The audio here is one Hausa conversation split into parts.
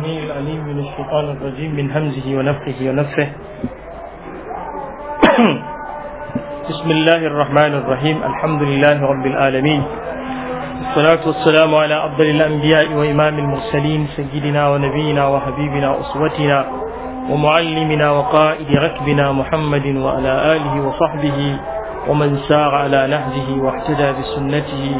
العليم من الشيطان الرجيم من همزه ونفخه بسم الله الرحمن الرحيم الحمد لله رب العالمين الصلاة والسلام على أفضل الأنبياء وإمام المرسلين سيدنا ونبينا وحبيبنا أسوتنا ومعلمنا وقائد ركبنا محمد وعلى آله وصحبه ومن سار على نهجه واحتدى بسنته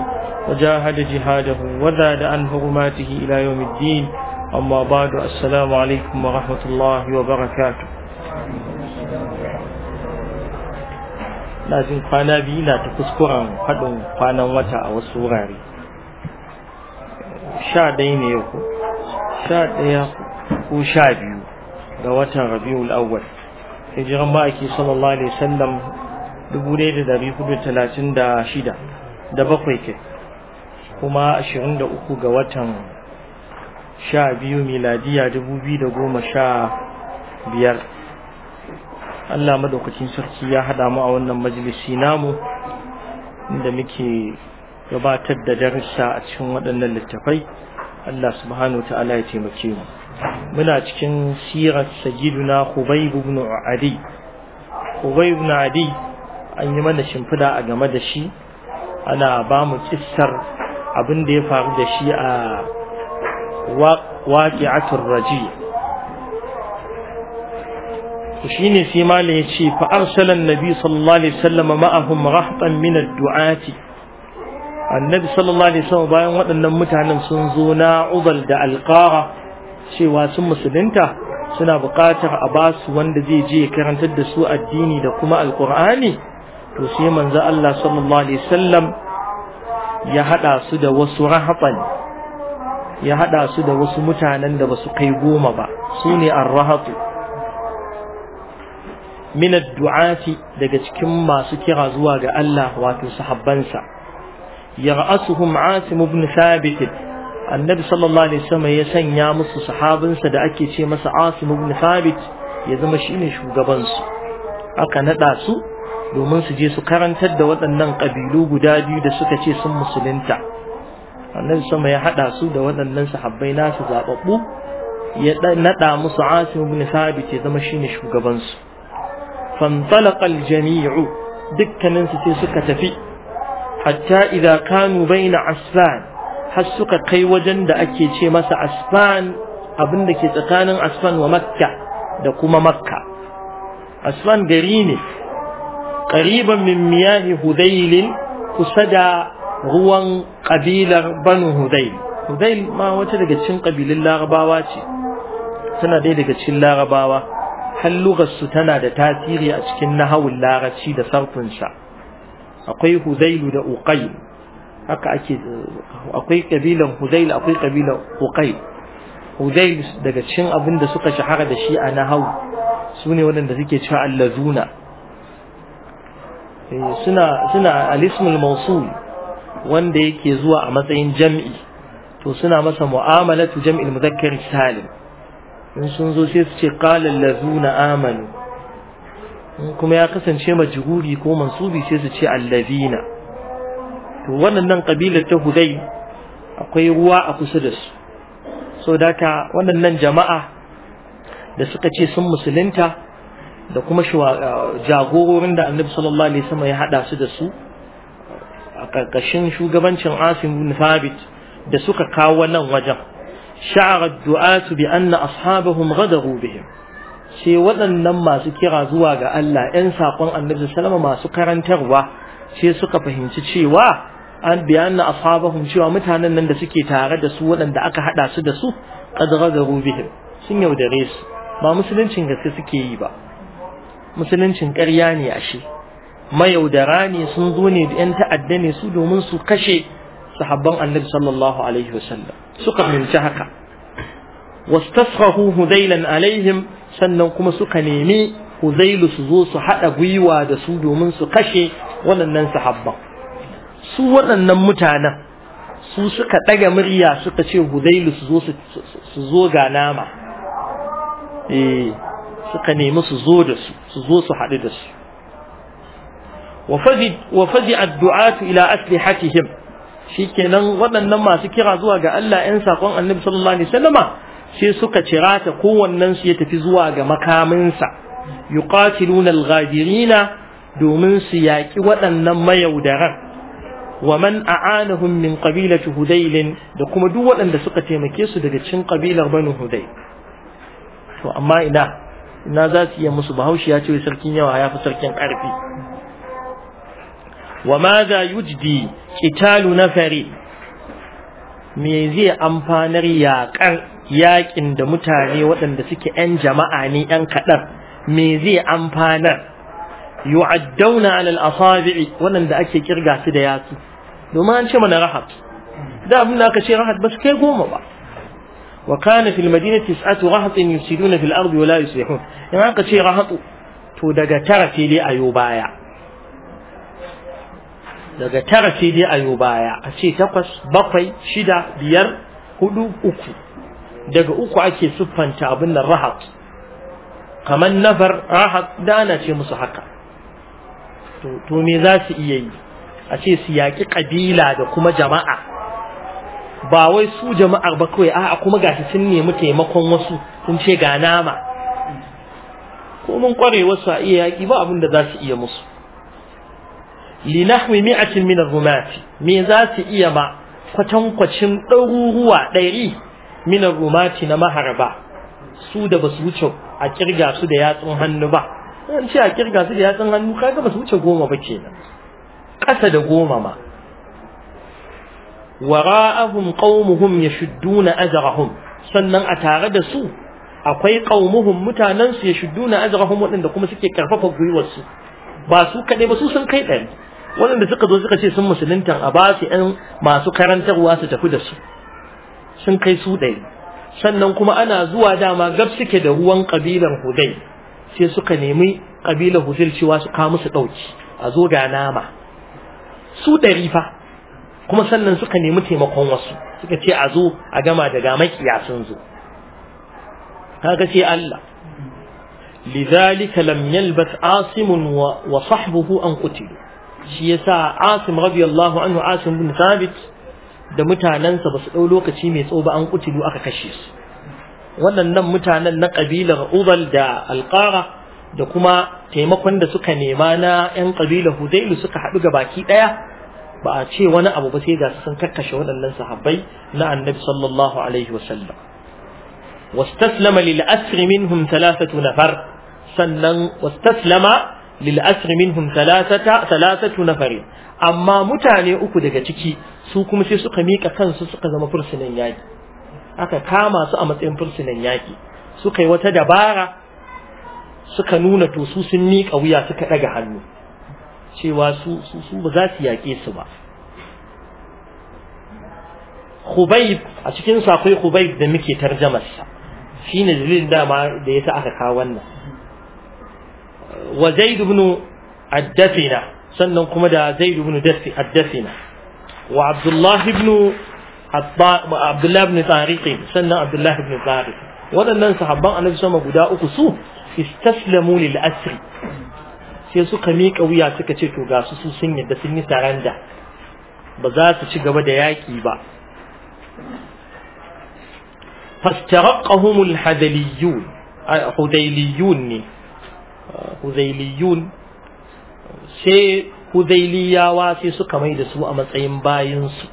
وجاهد جهاده وزاد عن هرماته إلى يوم الدين أما بعد السلام عليكم ورحمة الله وبركاته lazim kwana biyu na ta kuskuren haɗin kwanan wata a wasu wurare sha ɗaya ne ko sha sha biyu ga watan rabiul awwal hijiran ma'aiki sallallahu dubu ɗaya da dari hudu talatin da shida da bakwai ke kuma ashirin da uku ga watan sha biyu miladiya dubu biyu da goma sha biyar Allah madaukacin sarki ya haɗa mu a wannan majalisi namu inda muke gabatar da darussa a cikin waɗannan littafai Allah subhanahu wa ta'ala ya taimake mu muna cikin sirar sajiduna Hubayb ibn Adi Hubayb ibn Adi an yi mana shimfida a game da shi ana ba mu kissar abin da ya faru da shi a waqi'atur raji to shine sai ya ce fa arsala annabi sallallahu alaihi wasallam ma'ahum rahtan min ad-du'ati annabi sallallahu alaihi wasallam bayan waɗannan mutanen sun zo na Ubal da alqara cewa sun musulunta suna buƙatar a basu wanda zai je karantar da su addini da kuma alqur'ani to sai manzo Allah sallallahu alaihi wasallam ya haɗa su da wasu rahatan ya hada su da wasu mutanen da basu kai goma ba su ne arrahatu min ad-du'ati daga cikin masu kira zuwa ga Allah wato sahabbansa yar'asuhum asim ibn thabit annabi sallallahu alaihi wasallam ya sanya musu sahabinsa da ake ce masa asim ibn thabit ya zama shine shugaban su aka nada su domin su je su karantar da waɗannan ƙabilu guda biyu da suka ce sun musulunta annabi sama ya hada su da waɗannan sahabbai nasu zaɓaɓɓu. ya naɗa musu Asim ibn Thabit ya zama shine shugaban su fantalaqa al dukkanin su sai suka tafi hatta idza kanu baina asfan har suka kai wajen da ake ce masa asfan abin da ke tsakanin asfan wa makka da kuma makka asfan gari ne qariban min miyahi hudailin kusa da ruwan ƙabilar banu hudayl hudayl ma wata daga cikin ƙabilun larabawa ce tana ɗaya daga cikin larabawa har su tana da tasiri a cikin nahawun larabci da sarfinsa akwai hudailu da uqayl haka ake akwai ƙabilan hudayl akwai ƙabilan uqayl hudayl daga cikin abin da suka shahara da shi a nahawu su ne waɗanda suke cewa allazuna eh, suna suna alismul mawsul wanda yake zuwa a matsayin jam'i to suna masa mu'amalatu jam'il muzakkar salim in sun zo sai su ce qala allazuna amanu in kuma ya kasance majhuri ko mansubi sai su ce allazina to wannan nan kabilar ta hudai akwai ruwa a kusa da su so daka wannan nan jama'a da suka ce sun musulunta da kuma jagororin da annabi sallallahu alaihi wasallam ya hada su da su a ƙarƙashin shugabancin Asim bin Thabit da suka kawo nan wajen sha'ara du'atu bi anna ashabahum ghadaru bihim sai waɗannan masu kira zuwa ga Allah 'yan saƙon Annabi sallama masu karantarwa ce suka fahimci cewa an bi anna ashabahum cewa mutanen nan da suke tare da su waɗanda aka hada su da su ghadaru bihim sun yaudare su ba musuluncin gaske suke yi ba musuluncin ƙarya ne ashe mayaudara ne sun zo ne da 'yan ta'adda ne su domin su kashe sahabban annabi sallallahu alaihi wasallam suka fahimci haka wastasrahu hudailan alaihim sannan kuma suka nemi hudailu su zo su haɗa gwiwa da su domin su kashe waɗannan sahabban su waɗannan mutanen su suka ɗaga murya suka ce hudailu su zo su zo ga nama eh suka nemi su zo da su su zo su haɗu da su وفزع الدعاة إلى Shi kenan waɗannan masu kira zuwa ga Allah ‘yan saƙon annabi sallallahu alaihi wasallama sai suka cira ta kowannen ya tafi zuwa ga makaminsa yuqatiluna al-ghadirina domin su yaƙi waɗannan mayaudaran Waman man a'anahum min qabilati hudaylin da kuma duk waɗanda suka taimake su daga cikin qabilar banu hudayl to amma ina ina za su iya musu bahaushe ya ce sarkin yawa ya fi sarkin ƙarfi wa ma za yujdi qitalu nafari me zai amfanar yaƙar yaƙin da mutane waɗanda suke ƴan jama'a ne ƴan kaɗan me zai amfanar yu'addauna alal asabi'i waɗanda ake kirga su da yatsu domin an ce mana rahat da abin da aka ce rahat ba su kai goma ba wa kana fil madinati tis'atu rahatin yusiduna fil ardi wa la yuslihun in aka ce rahatu to daga tara sai dai ayo baya daga tara sai dai a ayo baya a ce takwas bakwai shida biyar hudu uku daga uku ake siffanta abin nan rahat kamar nafar rahat dana ce musu haka to me za su iya yi a ce su yaƙi ƙabila da kuma jama'a ba wai su jama'ar ba kawai a'a kuma gashi sun nemi taimakon wasu sun ce ga nama ko mun kware wasu a iya yaƙi ba abin da za su iya musu li nahwi mi'atin min ar-rumati me za su iya ba kwacin ɗaruruwa ɗari min ar-rumati na maharba su da basu wuce a kirga su da yatsun hannu ba an ce a kirga su da yatsun hannu kaga basu wuce goma ba kenan ƙasa da goma ma wara'ahum qaumuhum yashudduna azrahum sannan a tare da su akwai qaumuhum mutanansu yashudduna azrahum wadanda kuma suke karfafa gwiwar su ba su kade ba su sun kai ɗari waɗanda suka zo suka ce sun musulunta a ba su ‘yan masu karantarwa su tafi da su sun kai su ɗari sannan kuma ana zuwa dama gab suke da ruwan ƙabilar hudai sai suka nemi ƙabilar hudai cewa su su ɗauki a zo ga nama su ɗari fa kuma sannan suka nemi taimakon wasu suka ce a zo a gama daga makiya sun zo kaga sai Allah lidhalika lam yalbas asimun wa sahbuhu an shi yasa Asim radiyallahu anhu Asim bin Thabit da mutanansa basu ɗau lokaci mai tsoba an kutulu aka kashe su waɗannan mutanen na ƙabilar Ubal da Alqara da kuma taimakon da suka nema na yan kabilar Hudailu suka haɗu ga baki ɗaya ba a ce wani abu ba sai ga su sun kakkashe waɗannan sahabbai na annabi sallallahu alaihi wasallam wastaslama lil asri minhum thalathatu nafar sannan wastaslama lil asr minhum thalathata thalathatu nafari amma mutane uku daga ciki su kuma sai suka mika kansu suka zama fursunan yaki aka kama su a matsayin fursunan yaki suka yi wata dabara suka nuna to su sun mika wuya suka daga hannu cewa su su su ba za su su ba Khubayb a cikin sakwai akwai Khubayb da muke tarjamarsa shine dalilin dama da yasa aka kawo wannan wa zaid ibn addafina sannan kuma da zaid ibn dafi addafina wa abdullah ibn abdullah ibn tariqi sannan Abdullahi ibn tariq waɗannan sahabban annabi sama guda uku su istaslamu lil asri sai suka miƙa wuya suka ce to ga su sun yadda sun yi saranda ba za su ci gaba da yaƙi ba fastaraqahum alhadaliyun hudayliyun ne huzailiyun sai huzailiyawa sai suka mai da su a matsayin bayansu.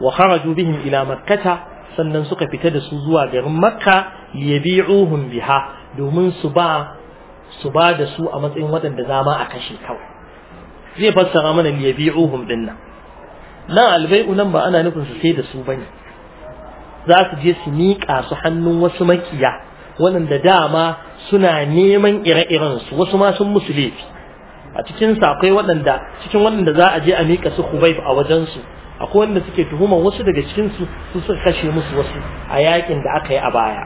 wa kharaju bihim ila makkata sannan suka fita da su zuwa garin makka liyabi'uhum biha domin su ba su ba da su a matsayin waɗanda zama a kashe kawai zai fassara mana liyabi'uhum din nan nan albai'u nan ba ana nufin su sai da su bane za su je su miƙa su hannun wasu makiya waɗanda dama suna neman ire-iren su wasu ma sun musu laifi a cikin sa akwai waɗanda cikin waɗanda za a je a mika su Hubayb a wajen su akwai waɗanda suke tuhumar wasu daga cikin su su suka kashe musu wasu a yakin da aka yi a baya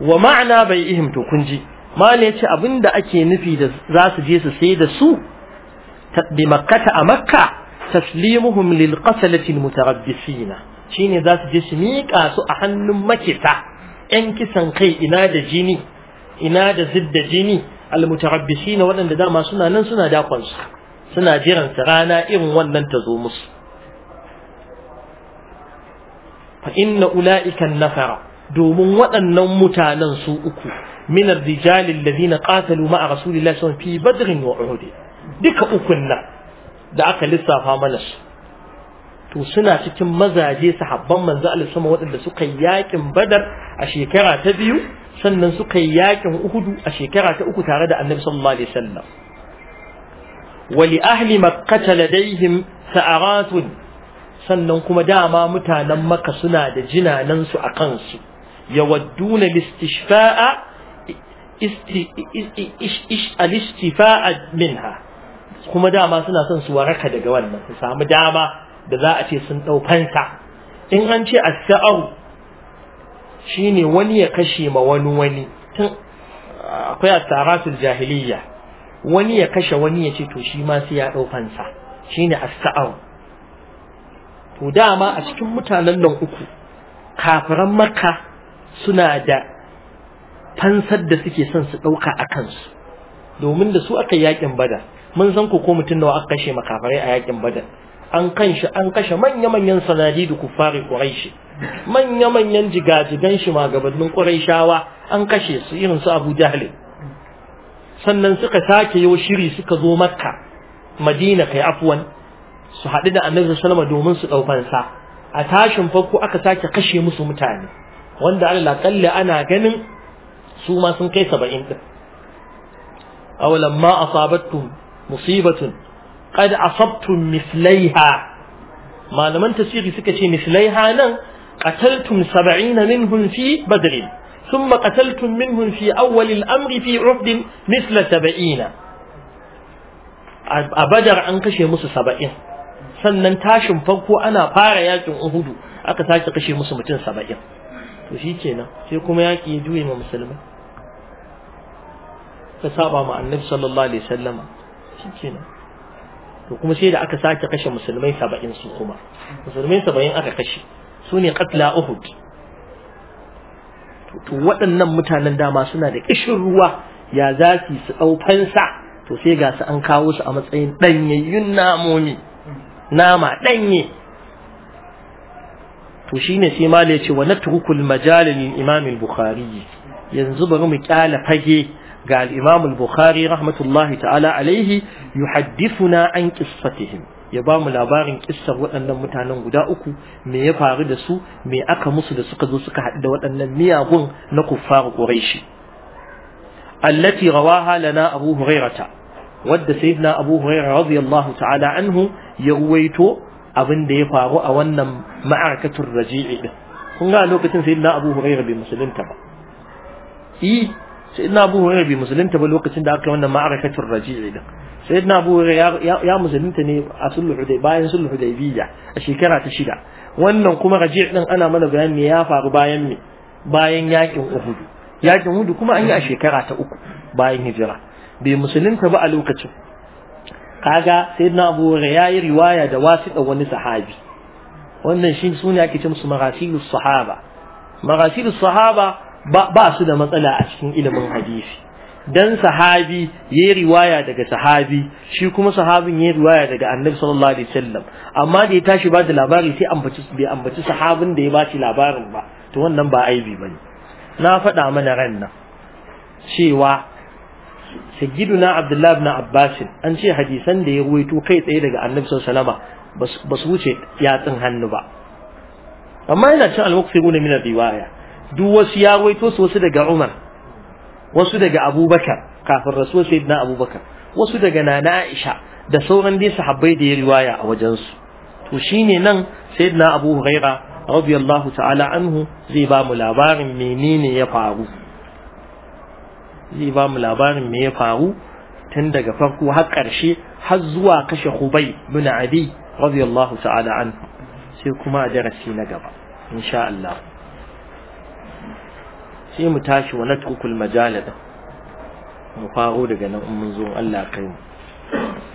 wa ma'ana bai ihim to kun ji mala yace abinda ake nufi da za su je su sai da su bi makkata a makka taslimuhum lil qasalati mutarabbisina shine za su je su mika su a hannun makita 'yan kisan kai ina da jini ina da zidda jini almutarabbisina waɗanda dama suna nan suna dakonsu suna jiran su rana irin wannan ta zo musu fa inna ula'ika nafara domin waɗannan mutanen su uku min ar-rijali alladhina qatalu ma'a rasulillahi sallallahu alaihi wasallam fi badrin wa uhud duka ukun nan da aka lissafa mana su to suna cikin mazaje sahabban manzo Allah sama waɗanda suka yi yakin Badar a shekara ta biyu sannan suka yi yakin Uhudu a shekara ta uku tare da Annabi sallallahu alaihi wasallam wa ahli makkah ladaihim sa'aratun sannan kuma dama mutanen Makka suna da jinanan su a kansu yawadduna listishfa'a al-istifa'a minha kuma dama suna son su waraka daga wannan su samu dama da za a ce sun ɗaukansa. in an ce sa'au shi shine wani ya kashe ma wani wani tun akwai a sarasul jahiliya. wani ya kashe wani ya ce to shi ma sai ya ɗaukansa. Shi ne a sa'au to dama a cikin mutanen nan uku kafiran maka suna da fansar da suke son su ɗauka a kansu domin da su aka yaƙin bada mun san ko mutum nawa aka kashe makafarai a yakin bada an kanshi an kashe manya-manyan sanadi da kufari ƙuraishi manya-manyan jigajigan shi magabannin ƙuraishawa an kashe su irin su abu jahle sannan suka sake yau shiri suka zo makka madina kai afwan su haɗu da annabi salama domin su ɗaukansa a tashin farko aka sake kashe musu mutane wanda allah kalli ana ganin su ma sun kai saba'in ɗin awalan ma asabattum musibatun qad asabtun mislaiha malaman tasiri suka ce mislaiha nan qataltum 70 minhum fi badr ثم قتلتم منهم في أول الأمر في عهد مثل سبعين أبدر أنكشي مس سبعين sannan tashin farko ana fara yakin Uhudu aka sake kashe musu mutum saba'in to shi kenan sai kuma yaki ya juya ma musulmai ka saba ma annabi sallallahu alaihi wasallama shi to kuma sai da aka sake kashe musulmai saba'in su kuma musulmai saba'in aka kashe su ne katla uhud to waɗannan mutanen dama suna da ƙishin ruwa ya za su su ɗau fansa to sai ga su an kawo su a matsayin ɗanyayyun namomi nama ɗanye to shine sai ma ya ce wa tukukul majalin imamin bukhari yanzu bari mu kyala fage ga al al-Bukhari rahmatullahi ta'ala alaihi na an qissatihim ya ba mu labarin kissar waɗannan mutanen guda uku me ya faru da su me aka musu da suka zo suka haɗu da waɗannan miyagun na kuffar ƙuraishi allati rawaha lana abu hurairata wadda sayyidina abu hurairah radiyallahu ta'ala anhu ya ruwaito abin da ya faru a wannan ma'arkatur raji'i din kun ga lokacin sayyidina abu hurairah bai musulunta ba i sayyidina abu hurairah bai musulunta ba lokacin da aka yi wannan ma'arakatul raji'i din sayyidina abu hurairah ya musulunta ne a sulhu hudaybiya bayan sulhu hudaybiyya a shekara ta shida wannan kuma raji'i din ana mana bayani ne ya faru bayan me bayan yakin uhud yakin uhud kuma an yi a shekara ta uku bayan hijira bai musulunta ba a lokacin kaga sayyidina abu hurairah yi riwaya da wasiƙa wani sahabi wannan shi sune ake ce musu marasilus sahaba marasilus sahaba ba su da matsala a cikin ilimin hadisi dan sahabi ya yi riwaya daga sahabi shi kuma sahabin ya yi riwaya daga annabi sallallahu alaihi wasallam amma da ya tashi ba da labari sai ambaci bai ambaci sahabin da ya ba shi labarin ba to wannan ba aibi bane na faɗa mana ran nan cewa sayyiduna abdullahi ibn abbas an ce hadisan da ya ruwaito kai tsaye daga annabi sallallahu alaihi wasallam ba su wuce yatsin hannu ba amma yana cin al-muqsiruna min riwaya duk wasu ya waito su wasu daga Umar wasu daga Abubakar kafin rasuwar sayyidina Abubakar wasu daga Nana Aisha da sauran dai sahabbai da ya riwaya a wajen su to shine nan sayyidina Abu Huraira radiyallahu ta'ala anhu zai ba mu labarin menene ya faru zai ba mu labarin me ya faru tun daga farko har ƙarshe har zuwa kashe Hubay bin Adi radiyallahu ta'ala anhu sai kuma a darasi na gaba insha Allah sai mu tashi wa natukul majalada mu fa'o daga nan mun zo Allah kai mu